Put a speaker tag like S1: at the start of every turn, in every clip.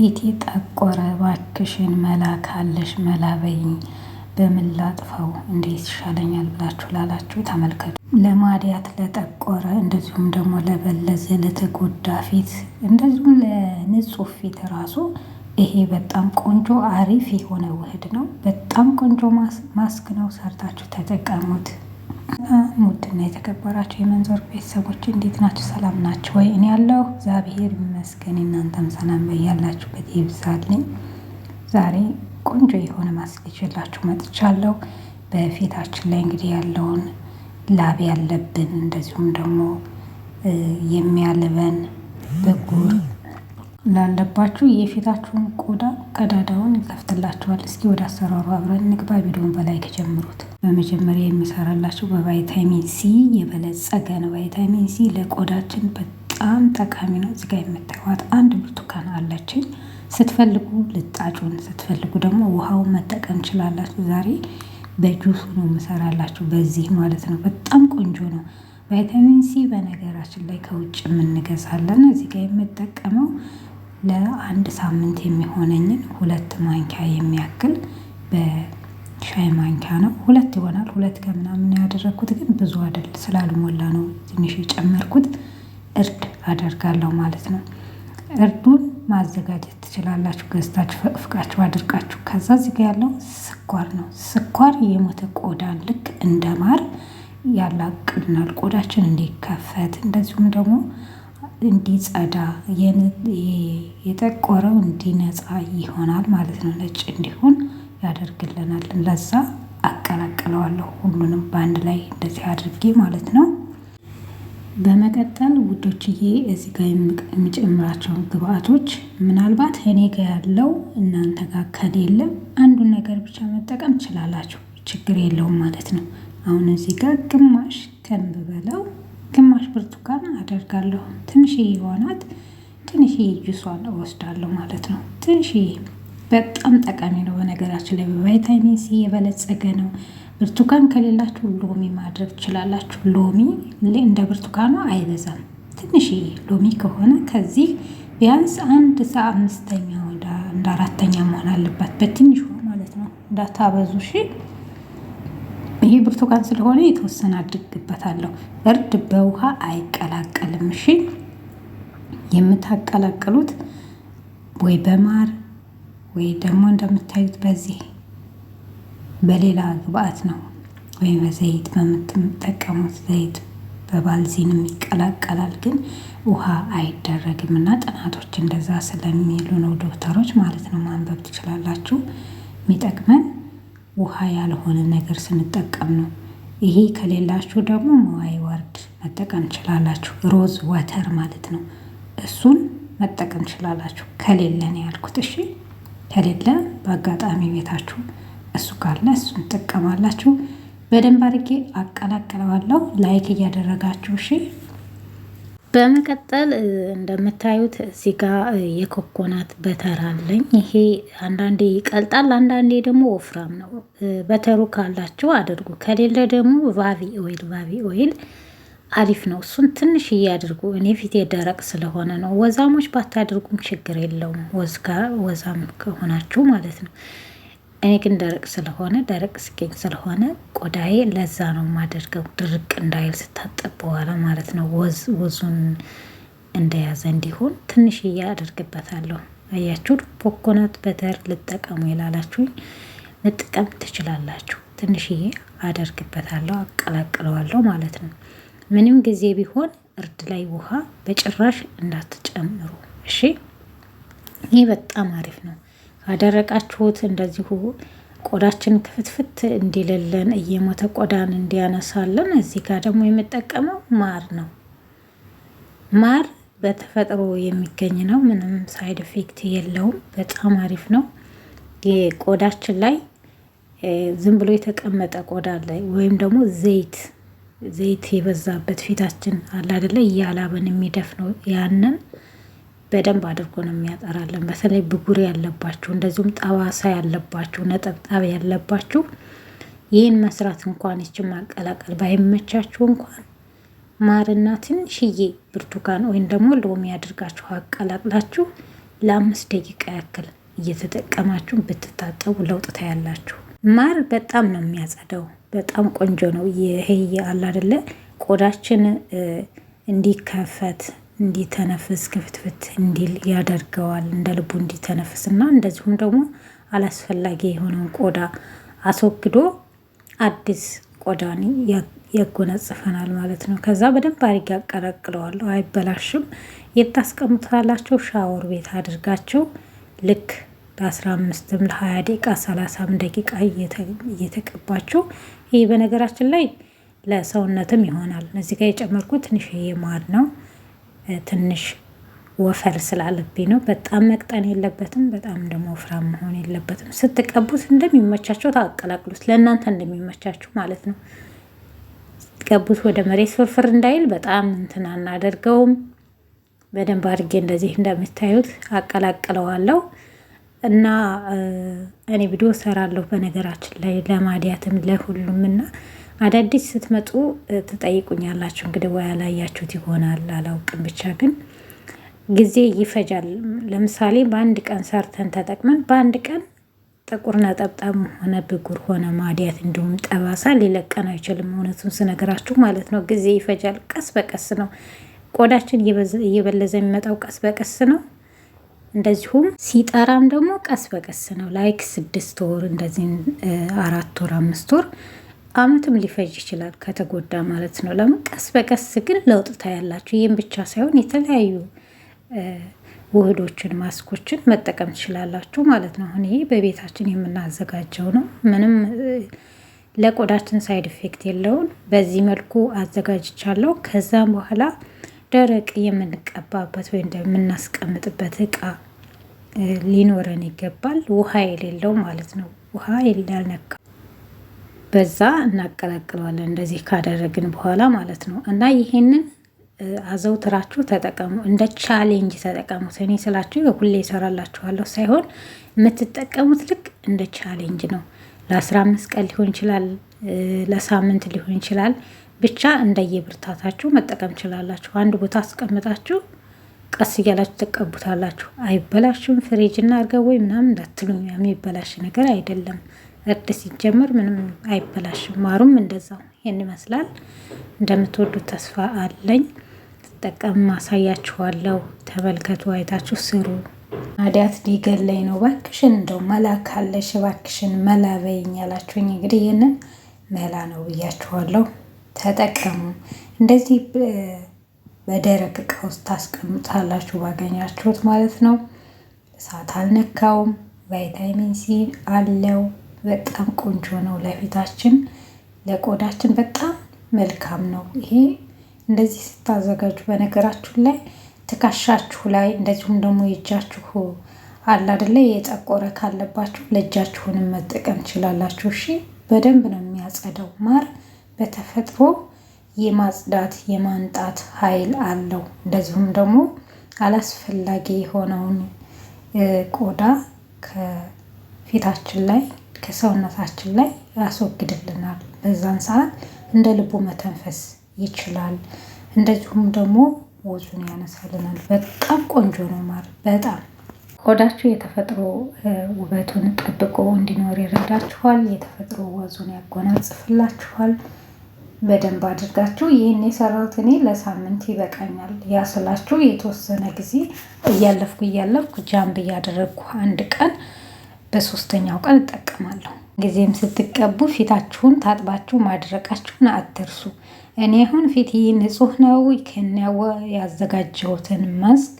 S1: ፊቴ ጠቆረ እባክሽን መላ ካለሽ መላ በይኝ በምን ላጥፈው እንዴት ይሻለኛል ብላችሁ ላላችሁ ተመልከቱ። ለማዲያት ለጠቆረ እንደዚሁም ደግሞ ለበለዘ ለተጎዳ ፊት እንደዚሁም ለንጹህ ፊት ራሱ ይሄ በጣም ቆንጆ አሪፍ የሆነ ውህድ ነው። በጣም ቆንጆ ማስክ ነው። ሰርታችሁ ተጠቀሙት። ውድና የተከበራችሁ የመንዞር ቤተሰቦች እንዴት ናችሁ? ሰላም ናችሁ ወይ? እኔ ያለው እግዚአብሔር ይመስገን፣ እናንተም ሰላም በያላችሁበት ይብዛልኝ። ዛሬ ቆንጆ የሆነ ማስጌጅ የላችሁ መጥቻለሁ። በፊታችን ላይ እንግዲህ ያለውን ላብ ያለብን እንደዚሁም ደግሞ የሚያልበን ብጉር ላለባችሁ የፊታችሁን ቆዳ ቀዳዳውን ይከፍትላችኋል። እስኪ ወደ አሰራሩ አብረን ንግባ። ቪዲዮን በላይ ከጀምሩት። በመጀመሪያ የሚሰራላችሁ በቫይታሚን ሲ የበለጸገ ነው። ቫይታሚን ሲ ለቆዳችን በጣም ጠቃሚ ነው። እዚጋ የምታዩት አንድ ብርቱካን አለችኝ። ስትፈልጉ ልጣጩን፣ ስትፈልጉ ደግሞ ውሃውን መጠቀም ችላላችሁ። ዛሬ በጁሱ ነው የምሰራላችሁ፣ በዚህ ማለት ነው። በጣም ቆንጆ ነው። ቫይታሚን ሲ በነገራችን ላይ ከውጭ የምንገዛለን። እዚጋ የምጠቀመው ለአንድ ሳምንት የሚሆነኝን ሁለት ማንኪያ የሚያክል በሻይ ማንኪያ ነው። ሁለት ይሆናል። ሁለት ከምናምን ያደረግኩት ግን ብዙ አይደል ስላልሞላ ነው ትንሽ የጨመርኩት። እርድ አደርጋለሁ ማለት ነው። እርዱን ማዘጋጀት ትችላላችሁ። ገዝታችሁ ፈቅፍቃችሁ አድርቃችሁ። ከዛ እዚጋ ያለው ስኳር ነው። ስኳር የሞተ ቆዳን ልክ እንደ ማር ያላቅልናል። ቆዳችን እንዲከፈት እንደዚሁም ደግሞ እንዲጸዳ የጠቆረው እንዲነጻ ይሆናል ማለት ነው። ነጭ እንዲሆን ያደርግልናል። ለዛ አቀላቅለዋለሁ ሁሉንም በአንድ ላይ እንደዚህ አድርጌ ማለት ነው። በመቀጠል ውዶችዬ እዚህ ጋር የሚጨምራቸውን ግብአቶች ምናልባት እኔ ጋ ያለው እናንተ ጋር የለም አንዱን ነገር ብቻ መጠቀም ትችላላችሁ፣ ችግር የለውም ማለት ነው። አሁን እዚህ ጋር ግማሽ በለው ብርቱካን አደርጋለሁ። ትንሽዬ ሆናት ትንሽዬ ጁሷን እወስዳለሁ ማለት ነው። ትንሽዬ በጣም ጠቃሚ ነው። በነገራችን ላይ በቫይታሚን ሲ የበለጸገ ነው። ብርቱካን ከሌላችሁ ሎሚ ማድረግ ትችላላችሁ። ሎሚ እንደ ብርቱካኑ አይበዛም። ትንሽዬ ሎሚ ከሆነ ከዚህ ቢያንስ አንድ ሰ አምስተኛ እንደ አራተኛ መሆን አለባት። በትንሽ ማለት ነው። እንዳታበዙ እሺ። ይሄ ብርቱካን ስለሆነ የተወሰነ አድርግበታለሁ። እርድ በውሃ አይቀላቀልም። እሺ የምታቀላቅሉት ወይ በማር ወይ ደግሞ እንደምታዩት በዚህ በሌላ ግብአት ነው፣ ወይም በዘይት በምትጠቀሙት ዘይት በባልዚንም ይቀላቀላል። ግን ውሃ አይደረግም እና ጥናቶች እንደዛ ስለሚሉ ነው ዶክተሮች ማለት ነው። ማንበብ ትችላላችሁ የሚጠቅመን ውሃ ያልሆነ ነገር ስንጠቀም ነው። ይሄ ከሌላችሁ ደግሞ መዋይ ወርድ መጠቀም ትችላላችሁ። ሮዝ ወተር ማለት ነው። እሱን መጠቀም ትችላላችሁ። ከሌለ ያልኩት። እሺ ከሌለ በአጋጣሚ ቤታችሁ እሱ ካለ እሱን ትጠቀማላችሁ። በደንብ አድርጌ አቀላቅለዋለሁ። ላይክ እያደረጋችሁ እሺ በመቀጠል እንደምታዩት እዚህ ጋ የኮኮናት በተር አለኝ። ይሄ አንዳንዴ ይቀልጣል፣ አንዳንዴ ደግሞ ወፍራም ነው። በተሩ ካላችሁ አድርጉ፣ ከሌለ ደግሞ ቫቪ ኦይል ቫቪ ኦይል አሪፍ ነው። እሱን ትንሽ እያድርጉ። እኔ ፊት የደረቅ ስለሆነ ነው። ወዛሞች ባታድርጉም ችግር የለውም፣ ወዝጋ ወዛም ከሆናችሁ ማለት ነው። እኔ ግን ደረቅ ስለሆነ ደረቅ ስኪን ስለሆነ ቆዳዬ ለዛ ነው የማደርገው፣ ድርቅ እንዳይል ስታጠብ በኋላ ማለት ነው። ወዝ ወዙን እንደያዘ እንዲሆን ትንሽዬ አደርግበታለሁ። አያችሁ፣ ኮኮናት በተር ልጠቀሙ ይላላችሁኝ፣ ልጥቀም ትችላላችሁ። ትንሽዬ አደርግበታለሁ፣ አቀላቅለዋለሁ ማለት ነው። ምንም ጊዜ ቢሆን እርድ ላይ ውሃ በጭራሽ እንዳትጨምሩ እሺ። ይህ በጣም አሪፍ ነው። አደረቃችሁት። እንደዚሁ ቆዳችን ክፍትፍት እንዲልልን እየሞተ ቆዳን እንዲያነሳልን። እዚህ ጋር ደግሞ የምጠቀመው ማር ነው። ማር በተፈጥሮ የሚገኝ ነው። ምንም ሳይድ ኢፌክት የለውም። በጣም አሪፍ ነው። የቆዳችን ላይ ዝም ብሎ የተቀመጠ ቆዳ ላይ ወይም ደግሞ ዘይት ዘይት የበዛበት ፊታችን አለ አይደለ? እያላበን የሚደፍነው ያንን በደንብ አድርጎ ነው የሚያጠራለን። በተለይ ብጉር ያለባችሁ እንደዚሁም ጠባሳ ያለባችሁ ነጠብጣብ ያለባችሁ ይህን መስራት እንኳን ይችን ማቀላቀል ባይመቻችሁ እንኳን ማርና ትንሽዬ ብርቱካን ወይም ደግሞ ሎሚ አድርጋችሁ አቀላቅላችሁ ለአምስት ደቂቃ ያክል እየተጠቀማችሁ ብትታጠቡ ለውጥ ታያላችሁ። ማር በጣም ነው የሚያጸደው በጣም ቆንጆ ነው። ይሄ አለ አይደለ ቆዳችን እንዲከፈት እንዲተነፍስ ክፍትፍት እንዲል ያደርገዋል። እንደ ልቡ እንዲተነፍስ እና እንደዚሁም ደግሞ አላስፈላጊ የሆነውን ቆዳ አስወግዶ አዲስ ቆዳን ያጎናጽፈናል ማለት ነው። ከዛ በደንብ አድርጌ አቀላቅለዋለሁ። አይበላሽም። የታስቀምጡታላቸው ሻወር ቤት አድርጋቸው ልክ ለ15ም ለ20 ደቂቃ 30 ደቂቃ እየተቀባቸው ይህ በነገራችን ላይ ለሰውነትም ይሆናል። እዚህ ጋር የጨመርኩት ትንሽዬ ማር ነው። ትንሽ ወፈር ስላለብኝ ነው። በጣም መቅጠን የለበትም፣ በጣም ደግሞ ወፍራም መሆን የለበትም። ስትቀቡት እንደሚመቻቸው ታቀላቅሉት፣ ለእናንተ እንደሚመቻችሁ ማለት ነው። ስትቀቡት ወደ መሬት ፍርፍር እንዳይል በጣም እንትን አናደርገውም። በደንብ አድርጌ እንደዚህ እንደምታዩት አቀላቅለዋለሁ እና እኔ ቪዲዮ ሰራለሁ በነገራችን ላይ ለማዲያትም ለሁሉም እና አዳዲስ ስትመጡ ትጠይቁኛላችሁ። እንግዲህ ወይ ያላያችሁት ይሆናል አላውቅም፣ ብቻ ግን ጊዜ ይፈጃል። ለምሳሌ በአንድ ቀን ሰርተን ተጠቅመን በአንድ ቀን ጥቁር ነጠብጣብ ሆነ ብጉር ሆነ ማዲያት እንዲሁም ጠባሳ ሊለቀን አይችልም። እውነቱን ስነግራችሁ ማለት ነው። ጊዜ ይፈጃል። ቀስ በቀስ ነው ቆዳችን እየበለዘ የሚመጣው፣ ቀስ በቀስ ነው። እንደዚሁም ሲጠራም ደግሞ ቀስ በቀስ ነው። ላይክ ስድስት ወር እንደዚህ አራት ወር አምስት ወር አመትም ሊፈጅ ይችላል ከተጎዳ ማለት ነው። ለምን ቀስ በቀስ ግን ለውጥ ታያላችሁ። ይህም ብቻ ሳይሆን የተለያዩ ውህዶችን ማስኮችን መጠቀም ትችላላችሁ ማለት ነው። አሁን ይሄ በቤታችን የምናዘጋጀው ነው። ምንም ለቆዳችን ሳይድ ኢፌክት የለውም። በዚህ መልኩ አዘጋጅቻለሁ። ከዛም በኋላ ደረቅ የምንቀባበት ወይም የምናስቀምጥበት እቃ ሊኖረን ይገባል። ውሃ የሌለው ማለት ነው። ውሃ ያልነካ በዛ እናቀላቅለዋለን እንደዚህ ካደረግን በኋላ ማለት ነው። እና ይሄንን አዘውትራችሁ ተጠቀሙ፣ እንደ ቻሌንጅ ተጠቀሙት። እኔ ስላችሁ የሁሌ ይሰራላችኋለሁ ሳይሆን የምትጠቀሙት ልክ እንደ ቻሌንጅ ነው። ለአስራ አምስት ቀን ሊሆን ይችላል፣ ለሳምንት ሊሆን ይችላል። ብቻ እንደየብርታታችሁ መጠቀም ችላላችሁ። አንድ ቦታ አስቀምጣችሁ ቀስ እያላችሁ ትቀቡታላችሁ። አይበላሽም። ፍሬጅ እና እርገብ ወይ ምናምን እንዳትሉኝ የሚበላሽ ነገር አይደለም። እርድ ሲጀመር ምንም አይበላሽም። ማሩም እንደዛው ይህን ይመስላል። እንደምትወዱት ተስፋ አለኝ። ስጠቀም ማሳያችኋለው። ተመልከቱ፣ አይታችሁ ስሩ። አዲያት ሊገለኝ ነው ባክሽን፣ እንደው መላ ካለሽ ባክሽን መላ በይኝ ያላችሁኝ እንግዲህ ይህንን መላ ነው ብያችኋለሁ። ተጠቀሙ። እንደዚህ በደረቅ እቃ ውስጥ ታስቀምጣላችሁ ባገኛችሁት ማለት ነው። እሳት አልነካውም። ቫይታሚን ሲ አለው። በጣም ቆንጆ ነው። ለፊታችን ለቆዳችን በጣም መልካም ነው። ይሄ እንደዚህ ስታዘጋጁ በነገራችሁ ላይ ትከሻችሁ ላይ እንደዚሁም ደግሞ የእጃችሁ አለ አይደለ የጠቆረ ካለባችሁ ለእጃችሁንም መጠቀም ትችላላችሁ። እሺ በደንብ ነው የሚያጸደው ማር በተፈጥሮ የማጽዳት የማንጣት ኃይል አለው። እንደዚሁም ደግሞ አላስፈላጊ የሆነውን ቆዳ ከፊታችን ላይ ከሰውነታችን ላይ ያስወግድልናል። በዛን ሰዓት እንደ ልቡ መተንፈስ ይችላል። እንደዚሁም ደግሞ ወዙን ያነሳልናል። በጣም ቆንጆ ነው ማር በጣም ሆዳችሁ የተፈጥሮ ውበቱን ጠብቆ እንዲኖር ይረዳችኋል። የተፈጥሮ ወዙን ያጎናጽፍላችኋል። በደንብ አድርጋችሁ ይህን የሰራሁት እኔ ለሳምንት ይበቃኛል። ያስላችሁ የተወሰነ ጊዜ እያለፍኩ እያለፍኩ ጃምብ እያደረግኩ አንድ ቀን በሶስተኛው ቀን እጠቀማለሁ። ጊዜም ስትቀቡ ፊታችሁን ታጥባችሁ ማድረቃችሁን አትርሱ። እኔ አሁን ፊት ንጹህ ነው። ከነወ ያዘጋጀሁትን መስክ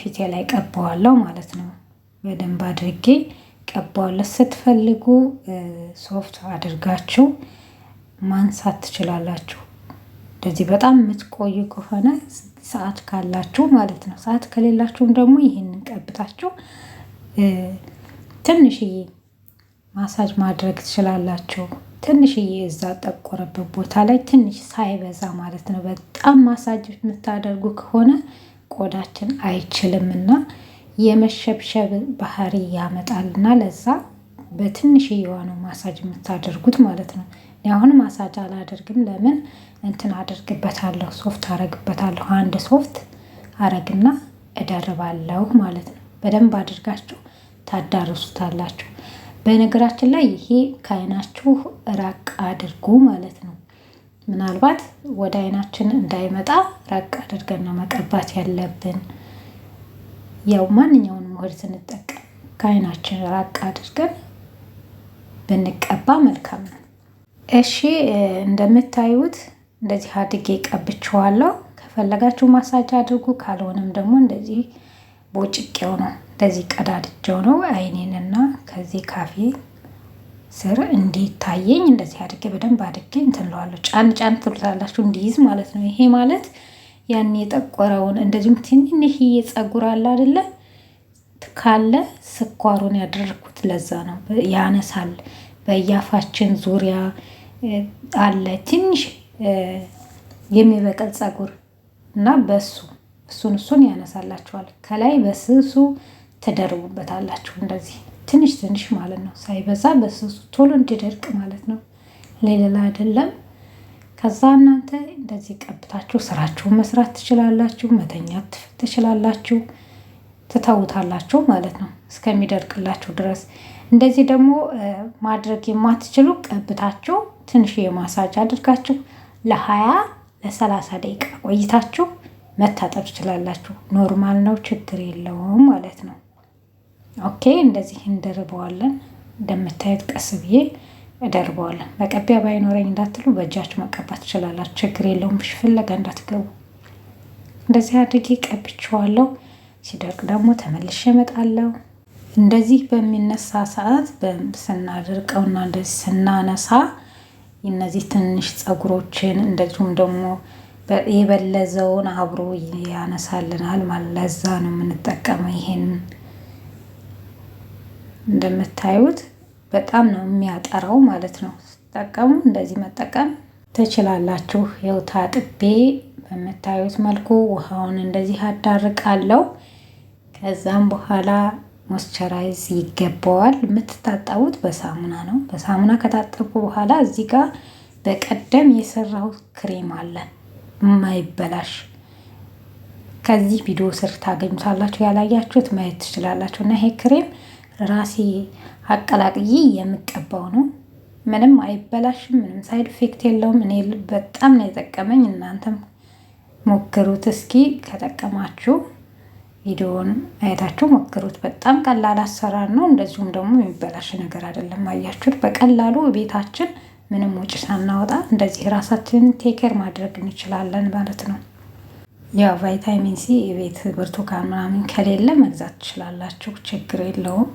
S1: ፊቴ ላይ ቀባዋለሁ ማለት ነው። በደንብ አድርጌ ቀባዋለሁ። ስትፈልጉ ሶፍት አድርጋችሁ ማንሳት ትችላላችሁ። እንደዚህ በጣም የምትቆዩ ከሆነ ሰዓት ካላችሁ ማለት ነው። ሰዓት ከሌላችሁም ደግሞ ይህንን ቀብታችሁ ትንሽዬ ማሳጅ ማድረግ ትችላላችሁ። ትንሽዬ እዛ ጠቆረበት ቦታ ላይ ትንሽ ሳይበዛ ማለት ነው። በጣም ማሳጅ የምታደርጉ ከሆነ ቆዳችን አይችልም እና የመሸብሸብ ባህሪ ያመጣል እና ለዛ በትንሽዬዋ ነው ማሳጅ የምታደርጉት ማለት ነው። አሁን ማሳጅ አላደርግም። ለምን እንትን አደርግበታለሁ፣ ሶፍት አረግበታለሁ። አንድ ሶፍት አረግና እደርባለሁ ማለት ነው። በደንብ አድርጋችሁ ታዳርሱታላችሁ። በነገራችን ላይ ይሄ ከአይናችሁ ራቅ አድርጉ ማለት ነው። ምናልባት ወደ አይናችን እንዳይመጣ ራቅ አድርገን ነው መቀባት ያለብን። ያው ማንኛውንም ውህድ ስንጠቀም ከአይናችን ራቅ አድርገን ብንቀባ መልካም ነው። እሺ እንደምታዩት እንደዚህ አድጌ ቀብቼዋለሁ። ከፈለጋችሁ ማሳጅ አድርጉ፣ ካልሆነም ደግሞ እንደዚህ ቦጭቄው ነው እንደዚህ ቀዳድጀው ነው አይኔንና ከዚህ ካፌ ስር እንዲታየኝ እንደዚህ አድርጌ በደንብ አድርጌ እንትንለዋለሁ። ጫን ጫን ትሉታላችሁ እንዲይዝ ማለት ነው። ይሄ ማለት ያን የጠቆረውን እንደዚሁም ትንንህ ጸጉር አለ አደለ ካለ ስኳሩን ያደረግኩት ለዛ ነው። ያነሳል። በያፋችን ዙሪያ አለ ትንሽ የሚበቅል ጸጉር እና በሱ እሱን እሱን ያነሳላቸዋል ከላይ በስሱ ትደርቡበታላችሁ። እንደዚህ ትንሽ ትንሽ ማለት ነው፣ ሳይበዛ በስሱ ቶሎ እንዲደርቅ ማለት ነው። ሌላ አይደለም። ከዛ እናንተ እንደዚህ ቀብታችሁ ስራችሁን መስራት ትችላላችሁ፣ መተኛት ትችላላችሁ፣ ትተውታላችሁ ማለት ነው እስከሚደርቅላችሁ ድረስ። እንደዚህ ደግሞ ማድረግ የማትችሉ ቀብታችሁ ትንሽ የማሳጅ አድርጋችሁ ለሀያ ለሰላሳ ደቂቃ ቆይታችሁ መታጠብ ትችላላችሁ። ኖርማል ነው፣ ችግር የለውም ማለት ነው። ኦኬ እንደዚህ እንደርበዋለን። እንደምታየት ቀስ ብዬ እደርበዋለን። መቀቢያ ባይኖረኝ እንዳትሉ በእጃችሁ መቀባት ትችላላችሁ። ችግር የለውም። ብሽ ፍለጋ እንዳትገቡ። እንደዚህ አድርጌ ቀብቼዋለሁ። ሲደርቅ ደግሞ ተመልሼ እመጣለሁ። እንደዚህ በሚነሳ ሰዓት ስናደርቀውና እንደዚህ ስናነሳ እነዚህ ትንሽ ፀጉሮችን እንደዚሁም ደግሞ የበለዘውን አብሮ ያነሳልናል። ለዛ ነው የምንጠቀመው ይሄንን እንደምታዩት በጣም ነው የሚያጠራው ማለት ነው። ስትጠቀሙ እንደዚህ መጠቀም ትችላላችሁ። ይኸው ታጥቤ በምታዩት መልኩ ውሃውን እንደዚህ አዳርቃለሁ። ከዛም በኋላ ሞስቸራይዝ ይገባዋል። የምትታጠቡት በሳሙና ነው። በሳሙና ከታጠቡ በኋላ እዚህ ጋር በቀደም የሰራሁት ክሬም አለ የማይበላሽ ከዚህ ቪዲዮ ስር ታገኙታላችሁ። ያላያችሁት ማየት ትችላላችሁ እና ይሄ ክሬም ራሴ አቀላቅዬ የምቀባው ነው። ምንም አይበላሽም። ምንም ሳይድ ኢፌክት የለውም። እኔ በጣም ነው የጠቀመኝ። እናንተም ሞክሩት እስኪ። ከጠቀማችሁ ቪዲዮውን አይታችሁ ሞክሩት። በጣም ቀላል አሰራር ነው። እንደዚሁም ደግሞ የሚበላሽ ነገር አይደለም። አያችሁት? በቀላሉ ቤታችን ምንም ውጭ ሳናወጣ እንደዚህ ራሳችንን ቴከር ማድረግ እንችላለን ማለት ነው። ያው ቫይታሚን ሲ የቤት ብርቱካን ምናምን ከሌለ መግዛት ትችላላችሁ፣ ችግር የለውም።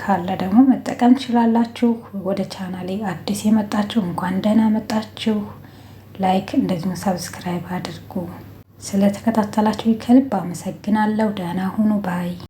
S1: ካለ ደግሞ መጠቀም ትችላላችሁ። ወደ ቻናሌ አዲስ የመጣችሁ እንኳን ደህና መጣችሁ። ላይክ እንደዚሁም ሰብስክራይብ አድርጉ። ስለተከታተላችሁ ከልብ አመሰግናለሁ። ደህና ሁኑ ባይ